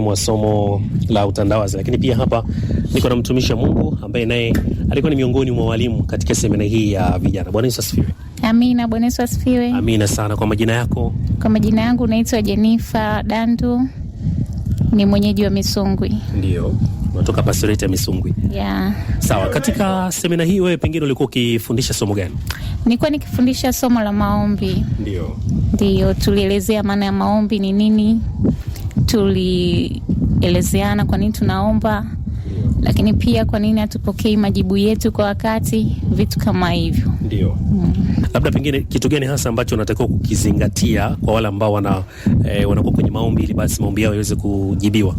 mwa somo la utandawazi, lakini pia hapa niko na mtumishi wa Mungu ambaye naye alikuwa ni miongoni mwa walimu katika semina hii ya vijana. Bwana Yesu asifiwe. Amina. Bwana Yesu asifiwe. Amina sana. Kwa majina yako? Kwa majina yangu naitwa Jenifa Dandu, ni mwenyeji wa Misungwi. Ndio, unatoka pastorate ya Misungwi? Yeah. Sawa, katika semina hii wewe pengine ulikuwa ukifundisha somo gani? Nilikuwa nikifundisha somo la maombi. Ndio, ndio tulielezea maana ya maombi ni nini tulielezeana kwa nini tunaomba, lakini pia kwa nini hatupokei majibu yetu kwa wakati, vitu kama hivyo ndio. Mm. Labda pengine kitu gani hasa ambacho unatakiwa kukizingatia kwa wale ambao wana eh, wanakuwa kwenye maombi ili basi maombi yao yaweze kujibiwa?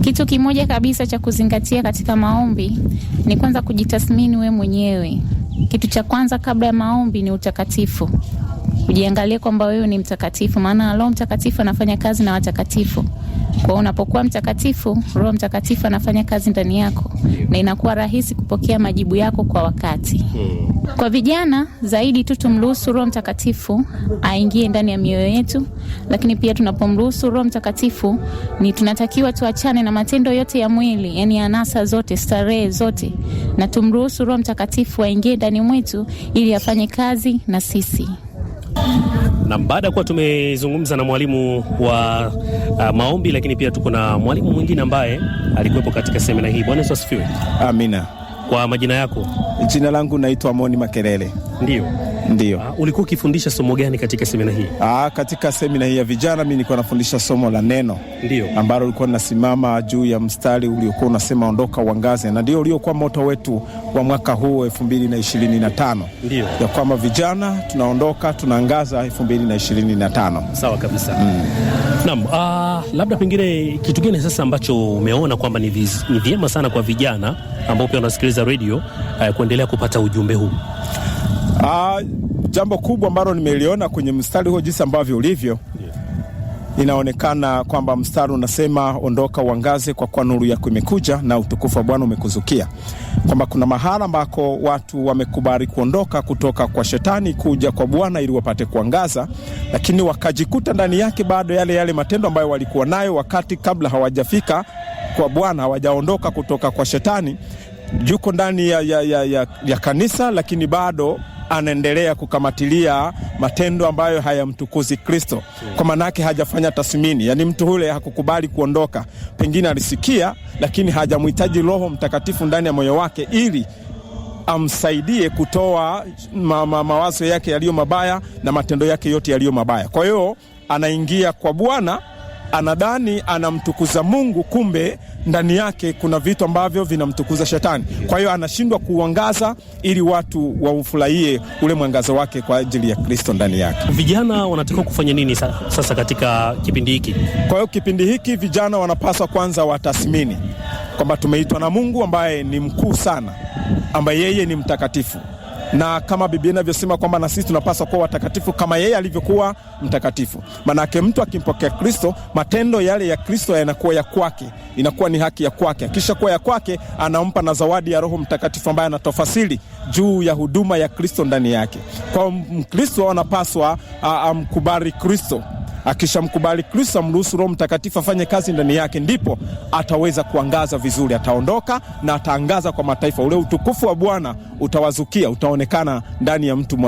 Kitu kimoja kabisa cha kuzingatia katika maombi ni kwanza kujitathmini we mwenyewe. Kitu cha kwanza kabla ya maombi ni utakatifu ujiangalie kwamba wewe ni mtakatifu, maana Roho Mtakatifu anafanya kazi na watakatifu. Kwa hiyo unapokuwa mtakatifu, Roho Mtakatifu anafanya kazi ndani yako na inakuwa rahisi kupokea majibu yako kwa wakati. Hmm. Kwa vijana zaidi tu tumruhusu Roho Mtakatifu aingie ndani ya mioyo yetu, lakini pia tunapomruhusu Roho Mtakatifu ni tunatakiwa tuachane na matendo yote ya mwili, yani anasa zote, starehe zote, na tumruhusu Roho Mtakatifu aingie ndani mwetu ili afanye kazi na sisi. Na baada ya kuwa tumezungumza na mwalimu wa uh, maombi, lakini pia tuko na mwalimu mwingine ambaye alikuwepo katika semina hii. Bwana Yesu asifiwe. Amina. Kwa majina yako? Jina langu naitwa Moni Makelele. Ndio. Ndio. Uh, ulikuwa ukifundisha somo gani katika semina hii? Ah, katika semina hii ya vijana mimi nilikuwa nafundisha somo la neno. Ndio. Ambalo ulikuwa nasimama juu ya mstari uliokuwa unasema ondoka uangaze, na ndio uliokuwa moto wetu wa mwaka huu 2025. Ndio. Ya kwamba vijana tunaondoka tunaangaza 2025. Sawa kabisa. Mm. Naam, uh, labda pengine kitu gani sasa ambacho umeona kwamba ni vyema sana kwa vijana ambao pia wanasikiliza radio uh, kuendelea kupata ujumbe huu? Ah, jambo kubwa ambalo nimeliona kwenye mstari huo jinsi ambavyo ulivyo inaonekana kwamba mstari unasema ondoka uangaze, kwa kuwa nuru yako imekuja na utukufu wa Bwana umekuzukia. Kwamba kuna mahala ambako watu wamekubali kuondoka kutoka kwa shetani kuja kwa Bwana ili wapate kuangaza, lakini wakajikuta ndani yake bado yale yale matendo ambayo walikuwa nayo wakati kabla hawajafika kwa Bwana, hawajaondoka kutoka kwa shetani. Yuko ndani ya, ya, ya, ya, ya kanisa, lakini bado anaendelea kukamatilia matendo ambayo hayamtukuzi Kristo, kwa maanake hajafanya tathmini. Yaani mtu ule hakukubali kuondoka, pengine alisikia, lakini hajamhitaji Roho Mtakatifu ndani ya moyo wake ili amsaidie kutoa ma ma mawazo yake yaliyo mabaya na matendo yake yote yaliyo mabaya. Kwa hiyo anaingia kwa Bwana, anadhani anamtukuza Mungu, kumbe ndani yake kuna vitu ambavyo vinamtukuza shetani, kwa hiyo anashindwa kuuangaza ili watu waufurahie ule mwangazo wake kwa ajili ya Kristo ndani yake. Vijana wanatakiwa kufanya nini sasa katika kipindi hiki? Kwa hiyo kipindi hiki vijana wanapaswa kwanza watathmini kwamba tumeitwa na Mungu ambaye ni mkuu sana, ambaye yeye ni mtakatifu na kama Biblia inavyosema kwamba na sisi tunapaswa kuwa watakatifu kama yeye alivyokuwa mtakatifu. Manake mtu akimpokea Kristo, matendo yale ya Kristo yanakuwa ya kwake, inakuwa ni haki ya kwake. Akisha kuwa ya kwake, anampa na zawadi ya Roho Mtakatifu ambaye anatofasili juu ya huduma ya Kristo ndani yake. Kwa Mkristo anapaswa amkubali Kristo Akishamkubali Kristo, amruhusu Roho Mtakatifu afanye kazi ndani yake, ndipo ataweza kuangaza vizuri. Ataondoka na ataangaza kwa mataifa, ule utukufu wa Bwana utawazukia, utaonekana ndani ya mtu mwamini.